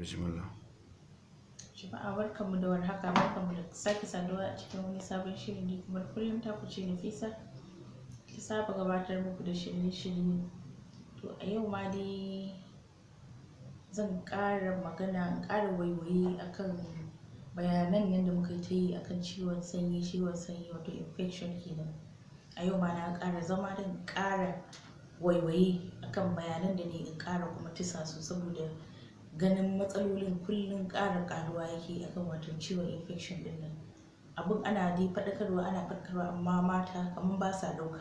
bismillah jama'a mu da warhaka mu da sake saduwa a cikin wani sabon shiri ne kuma kullum ta kuce ce Nafisa ki saba gabatar muku da shirye-shirye to a yau ma dai zan ƙara magana in ƙara waiwaye akan bayanan nan da muka ta yi akan ciwon sanyi ciwon sanyi wato infection kenan a yau ma na ƙara zama don ƙara waiwaye akan bayanan da ne in ƙara kuma tisa su saboda ganin matsalolin kullum ƙarar ƙaruwa yake kan wato ciwon infection ɗin nan abin ana dai faɗakarwa ana faɗakarwa amma mata kamar ba sa ɗauka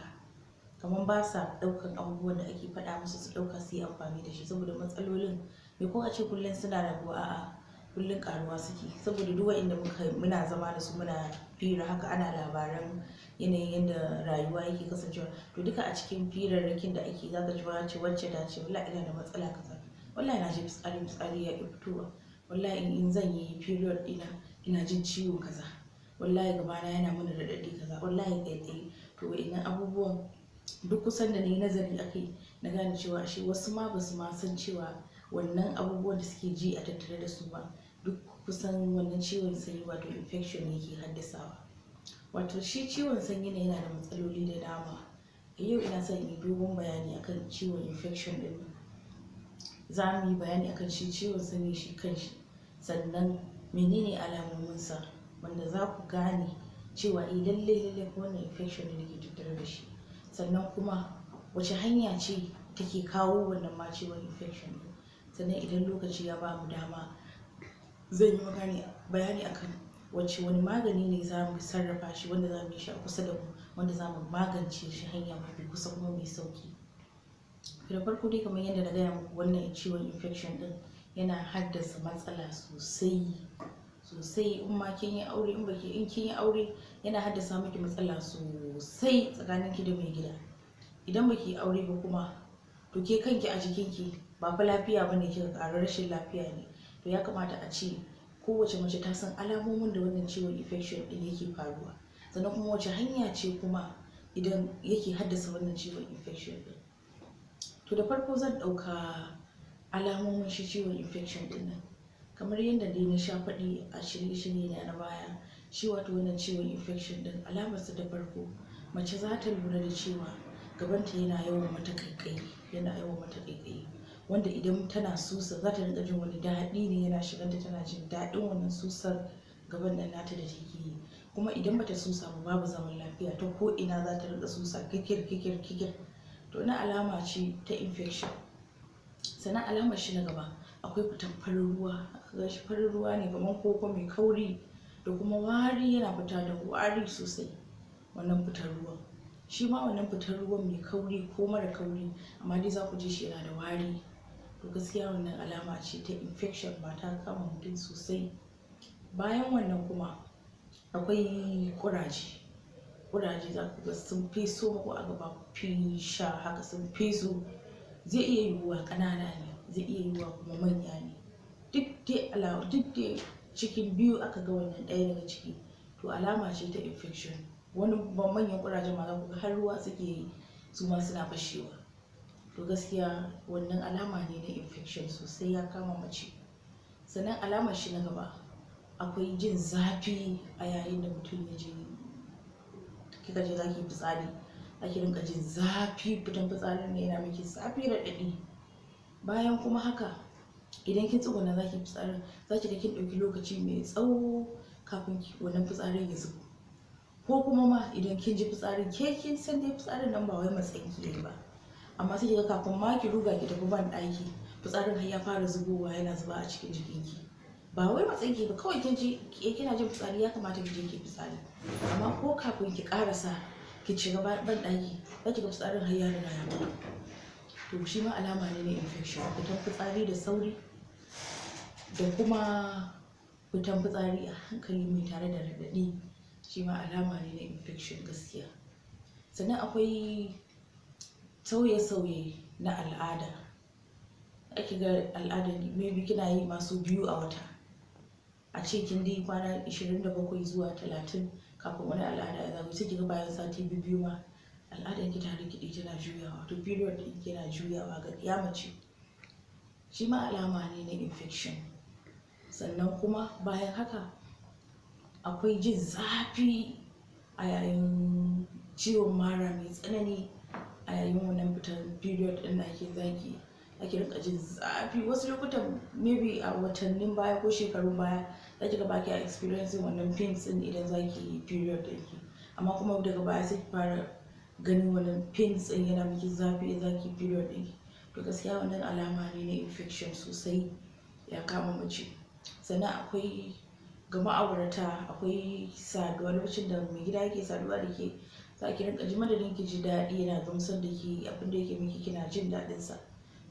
kamar ba sa ɗaukan abubuwan da ake faɗa musu su ɗauka su yi amfani da shi saboda matsalolin me ko a ce kullum suna raguwa a'a kullum ƙaruwa suke saboda duk wa'inda muka muna zama da su muna fira haka ana labaran yanayin yadda rayuwa yake kasancewa to duka a cikin firarrakin da ake zaka ji ce wacce ta ce wala ina da matsala kaza wallahi na ji fitsari fitsari ya fitowa wallahi in zan yi period ina ina jin ciwo kaza wallahi gabana yana mana raɗaɗi kaza wallahi tsaitsaye to wa'innan abubuwan duk kusan da na nazari akai na gane cewa shi wasu ma basu ma san cewa wannan abubuwan da suke ji a tattare da su ba duk kusan wannan ciwon sanyi wato infection yake haddasawa wato shi ciwon sanyi ne yana da matsaloli da dama a yau ina son yi dogon bayani akan ciwon infection din za mu yi bayani akan shi ciwon sanyi shi kanshi sannan menene alamominsa wanda za ku gane cewa idan eh, lalle lalle ko wannan infection ne ke tattare da shi sannan kuma wace hanya ce take kawo wannan ma ciwon infection ne sannan idan lokaci ya ba mu dama zan yi magani bayani akan wacce wani magani ne za mu sarrafa shi wanda za mu yi shi a kusa da mu wanda za mu magance shi hanya mafi kusa kuma mai sauki da farko dai kamar yadda na gaya muku wannan ciwon infection din yana haddasa matsala sosai sosai in ma kin yi aure in baki in kin yi aure yana haddasa miki matsala sosai tsakanin ki da mai gida idan baki aure ba kuma to ke kanki a jikin ki ba fa lafiya bane kika ƙara rashin lafiya ne to ya kamata a ce kowace mace ta san alamomin da wannan ciwon infection din yake faruwa sannan kuma wace hanya ce kuma idan yake haddasa wannan ciwon infection din to da farko zan ɗauka alamomin shi ciwon infection din nan kamar yadda dai na sha faɗi a shirye-shirye na na baya shi wato wannan ciwon infection alamar alamarsa da farko mace za ta lura da cewa gabanta yana yawan mata kaikai yana yawan mata kaikayi wanda idan tana susa za ta rinka jin wani daɗi ne yana shiganta tana jin daɗin wannan susar gaban nan nata da take yi kuma idan bata susa ba babu zaman lafiya ta ko ina za ta rinka susa kikir kikir kikir to Wani alama ce ta infection sannan alama shi na gaba akwai fitan farin ruwa ga shi farin ruwa ne kamar koko mai kauri da kuma wari yana fita da wari sosai wannan fitar ruwan shi ma wannan fitar ruwan mai kauri ko mara kauri amma dai za ku ji shi yana da wari to gaskiya wannan alama ce ta infection ba ta kama mutum sosai bayan wannan kuma akwai kuraje ƙuraje za ku ga sun fi so ko a gaba fi sha haka sun fi so zai iya yiwuwa ƙanana ne zai iya yiwuwa kuma manya ne duk dai duk dai cikin biyu aka ga wannan ɗaya daga ciki to alama ce ta infection wani manyan ƙurajen ma za ku ga har ruwa suke yi su ma suna fashewa to gaskiya wannan alama ne na infection sosai ya kama mace sannan alama shi na gaba akwai jin zafi a yayin da mutum ya je kika je zaki fitsari ake rinka jin zafi fitan fitsarin ne yana miki zafi da raɗaɗi bayan kuma haka idan kin tsuguna zaki fitsarin zaki ga kin ɗauki lokaci mai tsawo kafin wannan fitsarin ya zubo ko kuma ma idan kin ji fitsarin ke kin san dai fitsarin nan ba wai matsayin ne ba amma sai kika kafin ma ki ruga ki tafi ban ɗaki fitsarin har ya fara zubowa yana zuba a cikin jikinki ba wai matsayin ki ba kawai kin ji kina jin fitsari ya kamata ki je ki fitsari amma ko kafin ki karasa ki gaba ban daki za ki ga fitsarin har ya riga ya to shi ma alama ne na infection fitan fitsari da sauri da kuma fitan fitsari a hankali mai tare da radadi shi ma alama ne na infection gaskiya sannan akwai sauye-sauye na al'ada ake ga al'ada maybe kina yi masu biyu a wata a cikin dai kwana 27 zuwa 30 kafin wani al'ada ya zabi sai ki bayan sati biyu ma al'adar ki ta rikide tana juyawa to period din ki yana juyawa ga ya mace shi ma alama ne na infection sannan kuma bayan haka akwai jin zafi a yayin ciwon mara mai tsanani a yayin wannan fitar period din da ke zaki zaki rinka jin zafi wasu lokutan maybe a watannin baya ko shekaru baya za zaki ga baki a experiencing wannan pains din idan zaki yi period din ki amma kuma daga baya sai ki fara ganin wannan pains din yana miki zafi idan zaki period din ki to gaskiya wannan alama ne na infection sosai ya kama mace sannan akwai ga ma'aurata akwai saduwa lokacin da mai gida yake saduwa da ke za ki rinka ji madadin ki ji daɗi yana gamsar da ke abinda yake miki kina jin daɗinsa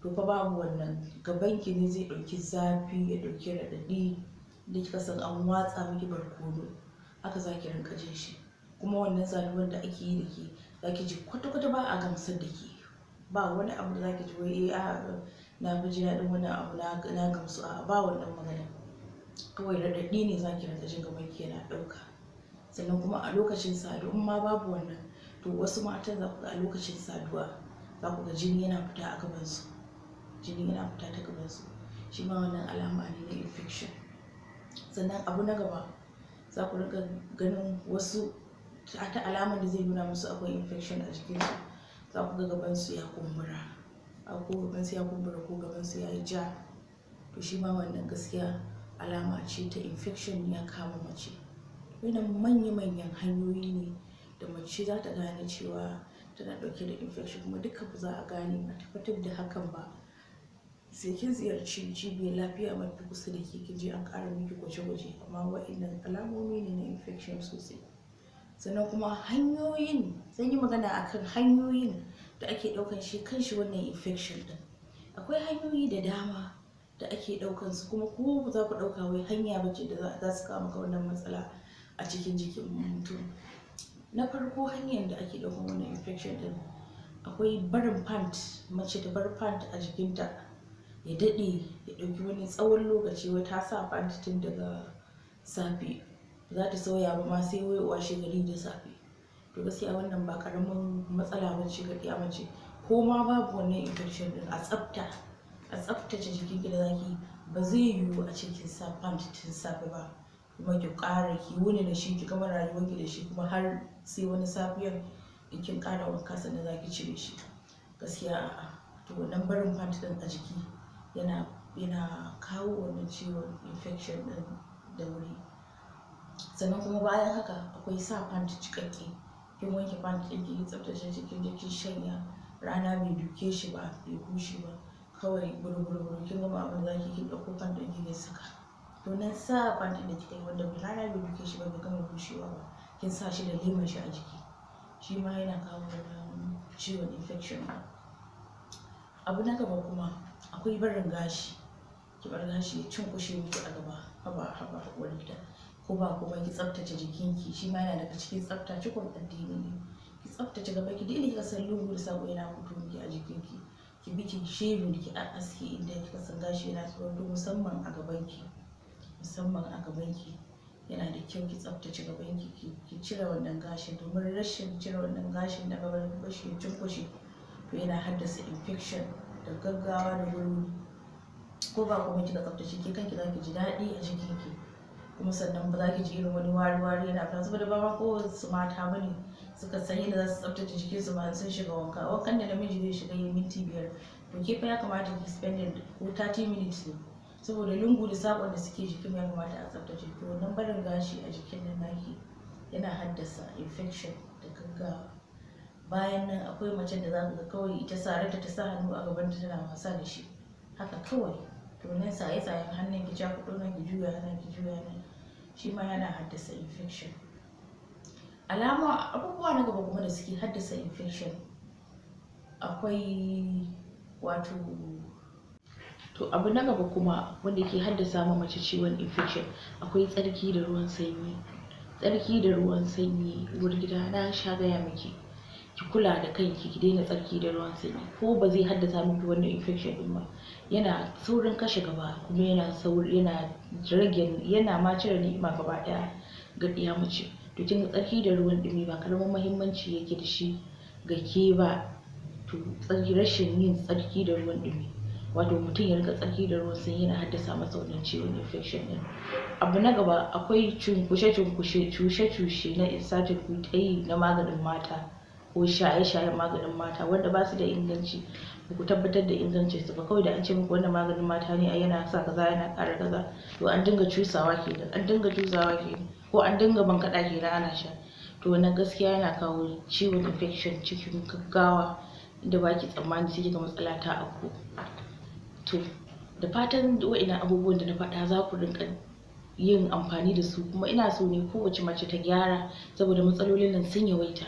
to fa babu wannan gaban ki ne zai ɗauki zafi ya ɗauki raɗaɗi da kika an watsa miki barkono haka za ki rinka jin shi kuma wannan zaluwar da ake yi da ke za ki ji kwata-kwata ba a gamsar da ke ba wani abu da za ki ji wai eh, a na fi ji daɗin wani abu na gamsu a ba wannan magana kawai raɗaɗi ne za ki rinka jin gaban ki yana ɗauka sannan kuma a lokacin saduwa in ma babu wannan to wasu matan za ku ga a lokacin saduwa za ku ga jini yana fita a gabansu jini yana fita ta gaban su shi ma wannan alama ne na infection sannan abu na gaba za ku rika ganin wasu ta alama da zai nuna musu akwai infection a su za ku ga gaban su ya kumbura ko gaban su ya kumbura ko gaban su ya yi ja to shi ma wannan gaskiya alama ce ta infection ya kama mace wannan manya-manyan hanyoyi ne da mace za ta gane cewa tana dauke da infection kuma duka ba za a gane a tabbatar da hakan ba sai kin ziyarci cibiyar lafiya mafi kusa da ke je an ƙara miki gwaje-gwaje amma wa'innan alamomi ne na infection sosai sannan kuma hanyoyin zan yi magana akan hanyoyin da ake ɗaukan shi kan wannan infection din akwai hanyoyi da dama da ake ɗaukan su kuma ko za ku ɗauka wai hanya bace da za su kawo maka wannan matsala a cikin jikin mutum na farko hanyar da ake ɗaukan wannan infection din akwai barin pant mace da bar pant a jikinta ya daɗe ya ɗauki wani tsawon lokaci wata sa fanta tun daga safe za ta sauya ba ma sai wai washe gari da safe to gaskiya wannan ba karamin matsala ba ce ga kiyama ko ma babu wannan infection din a tsafta a tsaftace jiki ki da zaki ba zai yiwu a cikin safa fanta tun safe ba kuma ki ƙara ki wuni da shi ki gama rayuwar ki da shi kuma har sai wani safiyar in kin ƙara wanka sannan zaki cire shi gaskiya a'a to wannan barin fanta din a jiki yana yana kawo wannan ciwon infection din da wuri sannan kuma bayan haka akwai sa fanta cikakke kin wanke fanta ɗinki kin tsabtace shi kin je kin shanya rana bai duke shi ba bai bushe ba kawai burburu kin gama abin zaki kin ɗauko fanta ɗinki kin saka to sa fanta da kika wanda wanda rana bai duke shi ba bai gama bushewa ba kin sa shi da lemon shi a jiki shi ma yana kawo wannan ciwon infection abu na gaba kuma akwai barin gashi ki bar gashi ya cunkushe miki a gaba haba haba haƙuri da ko ba kuma ki tsaftace jikinki shi ma yana daga cikin tsafta cikon addini ne ki tsaftace gaba ki daidai kika san lungu da sako yana fito miki a jikinki ki bi ki shebin ki a aski inda ki san gashi yana tsawon musamman a gabanki musamman a gabanki yana da kyau ki tsaftace gabanki ki cire wannan gashin domin rashin cire wannan gashin daga bashi ya cunkushe to yana haddasa infection da gaggawa da wuri ko ba kuma kika tsaftace ke kanki za ki ji daɗi a ki kuma sannan ba za ki ji irin wani wari-wari yana fita saboda ba ma ko su mata ba suka san yadda za su tsaftace su ba sun shiga wanka wankan da namiji zai shiga yi minti biyar to ke fa ya kamata ki spend ko 30 minutes ne saboda lungu da sakon da suke jikin ya kamata a tsaftace to wannan barin gashi a jikin nan naki yana haddasa infection da gaggawa bayan nan akwai mace da za ga kawai ita sarata ta sa hannu a gaban ta tana wasa da shi haka kawai to nan saye sayen hannun ki cakuɗo nan ki juya nan ki juya nan shi ma yana haddasa infection alama abubuwa na gaba kuma da suke haddasa infection akwai wato to abu na gaba kuma wanda ke haddasa ma mace ciwon infection akwai tsarki da ruwan sanyi tsarki da ruwan sanyi uwar gida na sha gaya miki ki kula da kanki ki daina tsarki da ruwan sanyi ko ba zai haddasa miki wannan infection din ba yana saurin kashe gaba kuma yana saurin yana rage yana ma cire ni'ima gaba daya ga ɗiya mace to kin tsarki da ruwan ɗumi ba karamin muhimmanci yake da shi ga ke ba to tsarki rashin yin tsarki da ruwan ɗumi wato mutum ya rika tsarki da ruwan sanyi yana haddasa masa wannan ciwon infection din abu na gaba akwai cunkushe cunkushe cushe cushe na insatin na maganin mata ko shaye-shayen maganin mata wanda ba su da inganci ba ku tabbatar da ingancin su ba kawai da an ce muku wannan maganin mata ne ai yana sa kaza yana ƙara kaza to an dinga cusawa kenan an dinga cusawa kenan ko an dinga bankaɗa kenan ana sha to wannan gaskiya yana kawo ciwon infection cikin gaggawa da ki tsammani sai ga matsala ta auku to da fatan wa'innan abubuwan da na faɗa za ku rinka yin amfani da su kuma ina so ne kowace mace ta gyara saboda matsalolin nan sun yawaita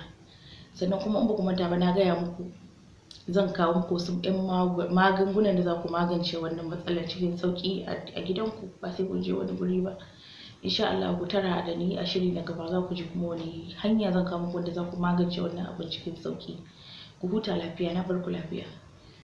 sannan kuma in ba ku manta ba na gaya muku zan kawo muku wasu yan magungunan da za ku magance wannan matsalar cikin sauki a gidanku ba sai kun je wani guri ba insha Allah ku tara da ni a shiri na gaba za ku ji kuma wani hanya zan kawo muku wanda za ku magance wannan abin cikin sauki ku huta lafiya na barku lafiya